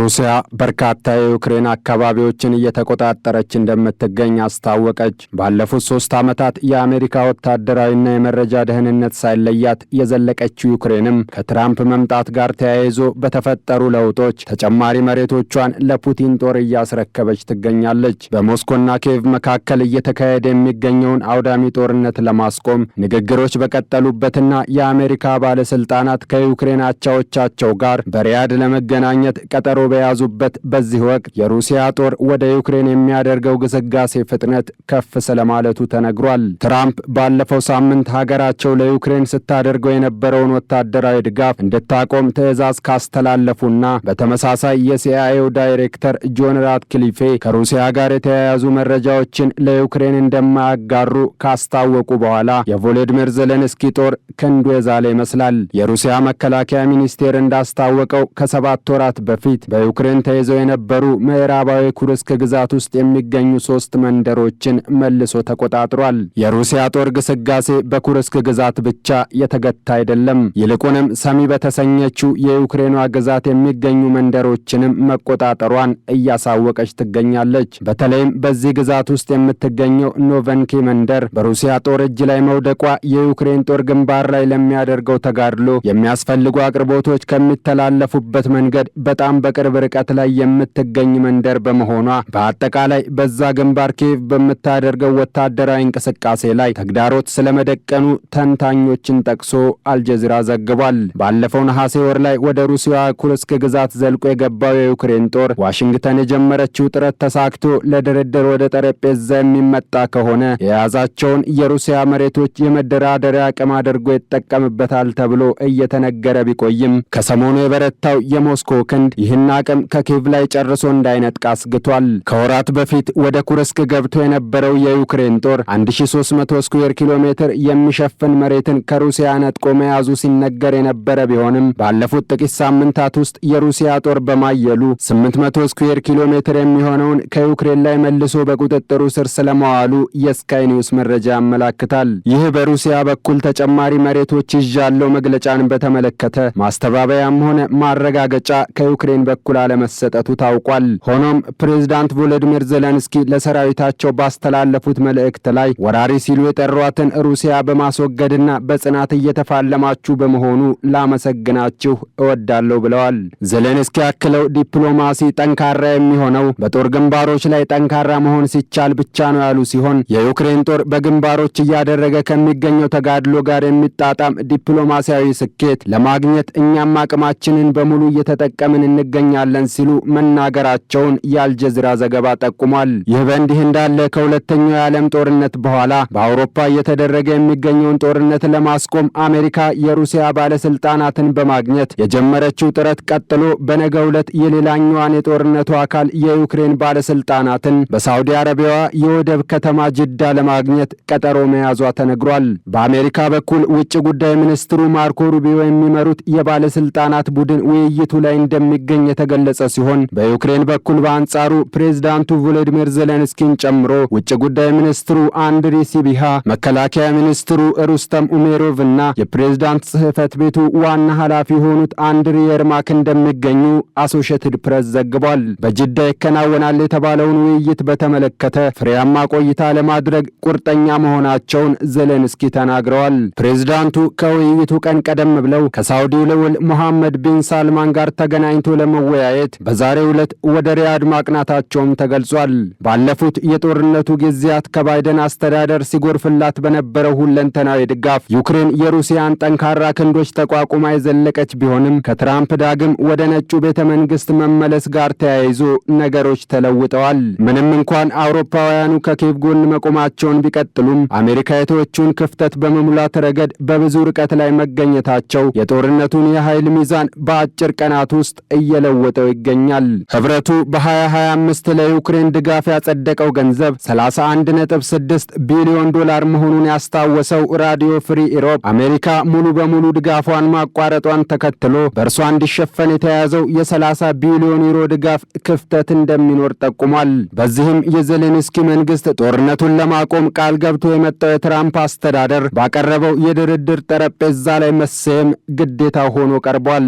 ሩሲያ በርካታ የዩክሬን አካባቢዎችን እየተቆጣጠረች እንደምትገኝ አስታወቀች። ባለፉት ሶስት ዓመታት የአሜሪካ ወታደራዊና የመረጃ ደህንነት ሳይለያት የዘለቀችው ዩክሬንም ከትራምፕ መምጣት ጋር ተያይዞ በተፈጠሩ ለውጦች ተጨማሪ መሬቶቿን ለፑቲን ጦር እያስረከበች ትገኛለች። በሞስኮና ኪየቭ መካከል እየተካሄደ የሚገኘውን አውዳሚ ጦርነት ለማስቆም ንግግሮች በቀጠሉበትና የአሜሪካ ባለስልጣናት ከዩክሬን አቻዎቻቸው ጋር በሪያድ ለመገናኘት ቀጠሮ በያዙበት በዚህ ወቅት የሩሲያ ጦር ወደ ዩክሬን የሚያደርገው ግስጋሴ ፍጥነት ከፍ ስለማለቱ ተነግሯል። ትራምፕ ባለፈው ሳምንት ሀገራቸው ለዩክሬን ስታደርገው የነበረውን ወታደራዊ ድጋፍ እንድታቆም ትዕዛዝ ካስተላለፉና በተመሳሳይ የሲአይኤው ዳይሬክተር ጆን ራትክሊፌ ከሩሲያ ጋር የተያያዙ መረጃዎችን ለዩክሬን እንደማያጋሩ ካስታወቁ በኋላ የቮሎዲሚር ዘለንስኪ ጦር ክንዱ የዛለ ይመስላል። የሩሲያ መከላከያ ሚኒስቴር እንዳስታወቀው ከሰባት ወራት በፊት በፊት በዩክሬን ተይዘው የነበሩ ምዕራባዊ ኩርስክ ግዛት ውስጥ የሚገኙ ሶስት መንደሮችን መልሶ ተቆጣጥሯል። የሩሲያ ጦር ግስጋሴ በኩርስክ ግዛት ብቻ የተገታ አይደለም። ይልቁንም ሰሚ በተሰኘችው የዩክሬኗ ግዛት የሚገኙ መንደሮችንም መቆጣጠሯን እያሳወቀች ትገኛለች። በተለይም በዚህ ግዛት ውስጥ የምትገኘው ኖቨንኪ መንደር በሩሲያ ጦር እጅ ላይ መውደቋ የዩክሬን ጦር ግንባር ላይ ለሚያደርገው ተጋድሎ የሚያስፈልጉ አቅርቦቶች ከሚተላለፉበት መንገድ በጣም በ በቅርብ ርቀት ላይ የምትገኝ መንደር በመሆኗ በአጠቃላይ በዛ ግንባር ኬቭ በምታደርገው ወታደራዊ እንቅስቃሴ ላይ ተግዳሮት ስለመደቀኑ ተንታኞችን ጠቅሶ አልጀዚራ ዘግቧል። ባለፈው ነሐሴ ወር ላይ ወደ ሩሲያ ኩርስክ ግዛት ዘልቆ የገባው የዩክሬን ጦር ዋሽንግተን የጀመረችው ጥረት ተሳክቶ ለድርድር ወደ ጠረጴዛ የሚመጣ ከሆነ የያዛቸውን የሩሲያ መሬቶች የመደራደሪያ አቅም አድርጎ ይጠቀምበታል ተብሎ እየተነገረ ቢቆይም ከሰሞኑ የበረታው የሞስኮ ክንድ ይህን የህክምና አቅም ከኪቭ ላይ ጨርሶ እንዳይነጥቅ አስግቷል። ከወራት በፊት ወደ ኩርስክ ገብቶ የነበረው የዩክሬን ጦር 1300 ስኩዌር ኪሎ ሜትር የሚሸፍን መሬትን ከሩሲያ ነጥቆ መያዙ ሲነገር የነበረ ቢሆንም ባለፉት ጥቂት ሳምንታት ውስጥ የሩሲያ ጦር በማየሉ 800 ስኩዌር ኪሎ ሜትር የሚሆነውን ከዩክሬን ላይ መልሶ በቁጥጥሩ ስር ስለመዋሉ የስካይ ኒውስ መረጃ ያመላክታል። ይህ በሩሲያ በኩል ተጨማሪ መሬቶች ይዣለው መግለጫን በተመለከተ ማስተባበያም ሆነ ማረጋገጫ ከዩክሬን በኩል አለመሰጠቱ ታውቋል። ሆኖም ፕሬዝዳንት ቮሎዲሚር ዜሌንስኪ ለሰራዊታቸው ባስተላለፉት መልእክት ላይ ወራሪ ሲሉ የጠሯትን ሩሲያ በማስወገድና በጽናት እየተፋለማችሁ በመሆኑ ላመሰግናችሁ እወዳለሁ ብለዋል። ዜሌንስኪ አክለው ዲፕሎማሲ ጠንካራ የሚሆነው በጦር ግንባሮች ላይ ጠንካራ መሆን ሲቻል ብቻ ነው ያሉ ሲሆን የዩክሬን ጦር በግንባሮች እያደረገ ከሚገኘው ተጋድሎ ጋር የሚጣጣም ዲፕሎማሲያዊ ስኬት ለማግኘት እኛም አቅማችንን በሙሉ እየተጠቀምን እንገኛል እንገኛለን ሲሉ መናገራቸውን የአልጀዚራ ዘገባ ጠቁሟል። ይህ በእንዲህ እንዳለ ከሁለተኛው የዓለም ጦርነት በኋላ በአውሮፓ እየተደረገ የሚገኘውን ጦርነት ለማስቆም አሜሪካ የሩሲያ ባለስልጣናትን በማግኘት የጀመረችው ጥረት ቀጥሎ በነገ ዕለት የሌላኛዋን የጦርነቱ አካል የዩክሬን ባለስልጣናትን በሳውዲ አረቢያዋ የወደብ ከተማ ጅዳ ለማግኘት ቀጠሮ መያዟ ተነግሯል። በአሜሪካ በኩል ውጭ ጉዳይ ሚኒስትሩ ማርኮ ሩቢዮ የሚመሩት የባለስልጣናት ቡድን ውይይቱ ላይ እንደሚገኝ የተገለጸ ሲሆን በዩክሬን በኩል በአንጻሩ ፕሬዝዳንቱ ቮሎዲሚር ዜሌንስኪን ጨምሮ ውጭ ጉዳይ ሚኒስትሩ አንድሪ ሲቢሃ፣ መከላከያ ሚኒስትሩ ሩስተም ኡሜሮቭ እና የፕሬዝዳንት ጽሕፈት ቤቱ ዋና ኃላፊ የሆኑት አንድሪ የርማክ እንደሚገኙ አሶሽትድ ፕሬስ ዘግቧል። በጅዳ ይከናወናል የተባለውን ውይይት በተመለከተ ፍሬያማ ቆይታ ለማድረግ ቁርጠኛ መሆናቸውን ዜሌንስኪ ተናግረዋል። ፕሬዝዳንቱ ከውይይቱ ቀን ቀደም ብለው ከሳውዲው ልዑል ሞሐመድ ቢን ሳልማን ጋር ተገናኝቶ ለመ ለመወያየት በዛሬ ዕለት ወደ ሪያድ ማቅናታቸውም ተገልጿል። ባለፉት የጦርነቱ ጊዜያት ከባይደን አስተዳደር ሲጎርፍላት በነበረው ሁለንተናዊ ድጋፍ ዩክሬን የሩሲያን ጠንካራ ክንዶች ተቋቁማ የዘለቀች ቢሆንም ከትራምፕ ዳግም ወደ ነጩ ቤተ መንግስት መመለስ ጋር ተያይዞ ነገሮች ተለውጠዋል። ምንም እንኳን አውሮፓውያኑ ከኬቭ ጎን መቆማቸውን ቢቀጥሉም አሜሪካ የተዎቹን ክፍተት በመሙላት ረገድ በብዙ ርቀት ላይ መገኘታቸው የጦርነቱን የኃይል ሚዛን በአጭር ቀናት ውስጥ እየለ እየተለወጠው ይገኛል። ህብረቱ በ2025 ለዩክሬን ድጋፍ ያጸደቀው ገንዘብ 31.6 ቢሊዮን ዶላር መሆኑን ያስታወሰው ራዲዮ ፍሪ ኢሮፕ አሜሪካ ሙሉ በሙሉ ድጋፏን ማቋረጧን ተከትሎ በእርሷ እንዲሸፈን የተያዘው የ30 ቢሊዮን ዩሮ ድጋፍ ክፍተት እንደሚኖር ጠቁሟል። በዚህም የዜሌንስኪ መንግስት ጦርነቱን ለማቆም ቃል ገብቶ የመጣው የትራምፕ አስተዳደር ባቀረበው የድርድር ጠረጴዛ ላይ መሰየም ግዴታ ሆኖ ቀርቧል።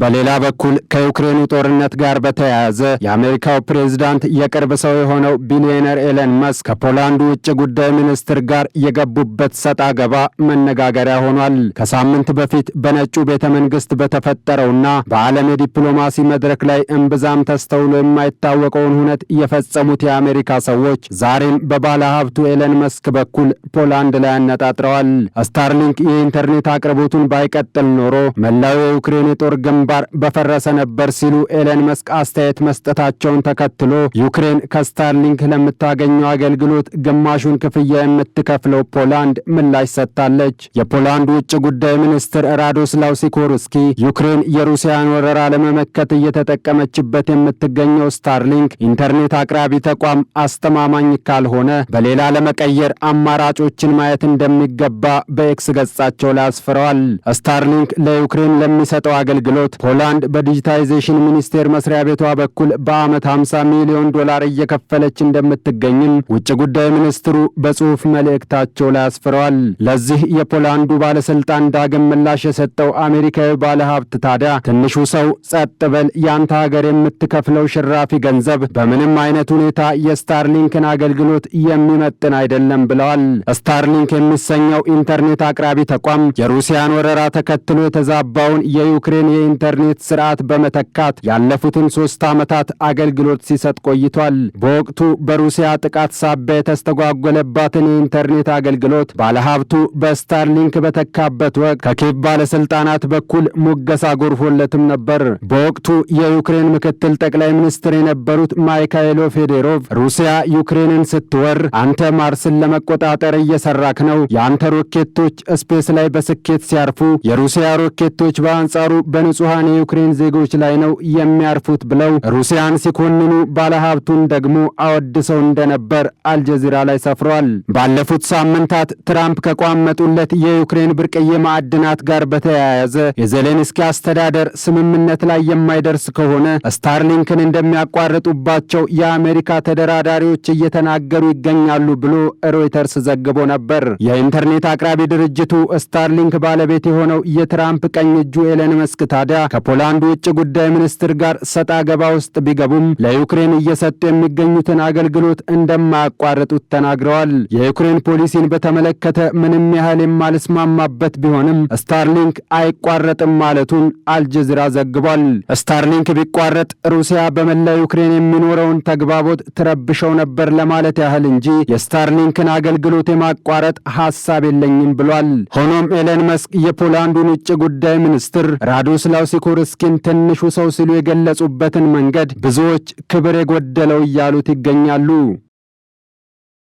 በሌላ በኩል ከዩክሬኑ ጦርነት ጋር በተያያዘ የአሜሪካው ፕሬዝዳንት የቅርብ ሰው የሆነው ቢሊዮነር ኤለን መስክ ከፖላንዱ ውጭ ጉዳይ ሚኒስትር ጋር የገቡበት ሰጣ ገባ መነጋገሪያ ሆኗል። ከሳምንት በፊት በነጩ ቤተ መንግስት በተፈጠረውና በዓለም የዲፕሎማሲ መድረክ ላይ እምብዛም ተስተውሎ የማይታወቀውን ሁነት የፈጸሙት የአሜሪካ ሰዎች ዛሬም በባለ ሀብቱ ኤለን መስክ በኩል ፖላንድ ላይ አነጣጥረዋል። ስታርሊንክ የኢንተርኔት አቅርቦቱን ባይቀጥል ኖሮ መላው የዩክሬን የጦር ግንባ ተግባር በፈረሰ ነበር ሲሉ ኤለን መስክ አስተያየት መስጠታቸውን ተከትሎ ዩክሬን ከስታርሊንክ ለምታገኘው አገልግሎት ግማሹን ክፍያ የምትከፍለው ፖላንድ ምላሽ ሰጥታለች። የፖላንድ ውጭ ጉዳይ ሚኒስትር ራዶስላው ሲኮርስኪ ዩክሬን የሩሲያን ወረራ ለመመከት እየተጠቀመችበት የምትገኘው ስታርሊንክ ኢንተርኔት አቅራቢ ተቋም አስተማማኝ ካልሆነ በሌላ ለመቀየር አማራጮችን ማየት እንደሚገባ በኤክስ ገጻቸው ላይ አስፍረዋል። ስታርሊንክ ለዩክሬን ለሚሰጠው አገልግሎት ፖላንድ በዲጂታይዜሽን ሚኒስቴር መስሪያ ቤቷ በኩል በዓመት 50 ሚሊዮን ዶላር እየከፈለች እንደምትገኝም ውጭ ጉዳይ ሚኒስትሩ በጽሑፍ መልእክታቸው ላይ አስፍረዋል። ለዚህ የፖላንዱ ባለስልጣን ዳግም ምላሽ የሰጠው አሜሪካዊ ባለሀብት ታዲያ ትንሹ ሰው ጸጥ በል ያንተ ሀገር የምትከፍለው ሽራፊ ገንዘብ በምንም አይነት ሁኔታ የስታርሊንክን አገልግሎት የሚመጥን አይደለም ብለዋል። ስታርሊንክ የሚሰኘው ኢንተርኔት አቅራቢ ተቋም የሩሲያን ወረራ ተከትሎ የተዛባውን የዩክሬን የኢንተር የኢንተርኔት ስርዓት በመተካት ያለፉትን ሶስት ዓመታት አገልግሎት ሲሰጥ ቆይቷል። በወቅቱ በሩሲያ ጥቃት ሳቢያ የተስተጓጎለባትን የኢንተርኔት አገልግሎት ባለሀብቱ በስታርሊንክ በተካበት ወቅት ከኬቭ ባለስልጣናት በኩል ሙገሳ ጎርፎለትም ነበር። በወቅቱ የዩክሬን ምክትል ጠቅላይ ሚኒስትር የነበሩት ማይካኤሎ ፌዴሮቭ ሩሲያ ዩክሬንን ስትወር አንተ ማርስን ለመቆጣጠር እየሰራክ ነው፣ የአንተ ሮኬቶች ስፔስ ላይ በስኬት ሲያርፉ፣ የሩሲያ ሮኬቶች በአንጻሩ በንጹሐን ሩሲያን የዩክሬን ዜጎች ላይ ነው የሚያርፉት ብለው ሩሲያን ሲኮንኑ ባለሀብቱን ደግሞ አወድሰው እንደነበር አልጀዚራ ላይ ሰፍረዋል። ባለፉት ሳምንታት ትራምፕ ከቋመጡለት የዩክሬን ብርቅዬ ማዕድናት ጋር በተያያዘ የዜሌንስኪ አስተዳደር ስምምነት ላይ የማይደርስ ከሆነ ስታርሊንክን እንደሚያቋርጡባቸው የአሜሪካ ተደራዳሪዎች እየተናገሩ ይገኛሉ ብሎ ሮይተርስ ዘግቦ ነበር። የኢንተርኔት አቅራቢ ድርጅቱ ስታርሊንክ ባለቤት የሆነው የትራምፕ ቀኝ እጁ ኤለን መስክ ታዲያ ከፖላንድ ውጭ ጉዳይ ሚኒስትር ጋር ሰጣ ገባ ውስጥ ቢገቡም ለዩክሬን እየሰጡ የሚገኙትን አገልግሎት እንደማያቋርጡት ተናግረዋል። የዩክሬን ፖሊሲን በተመለከተ ምንም ያህል የማልስማማበት ቢሆንም ስታርሊንክ አይቋረጥም ማለቱን አልጀዚራ ዘግቧል። ስታርሊንክ ቢቋረጥ ሩሲያ በመላ ዩክሬን የሚኖረውን ተግባቦት ትረብሸው ነበር ለማለት ያህል እንጂ የስታርሊንክን አገልግሎት የማቋረጥ ሀሳብ የለኝም ብሏል። ሆኖም ኤለን መስክ የፖላንዱን ውጭ ጉዳይ ሚኒስትር ራዶስላው ሲኮርስኪን ትንሹ ሰው ሲሉ የገለጹበትን መንገድ ብዙዎች ክብር የጎደለው እያሉት ይገኛሉ።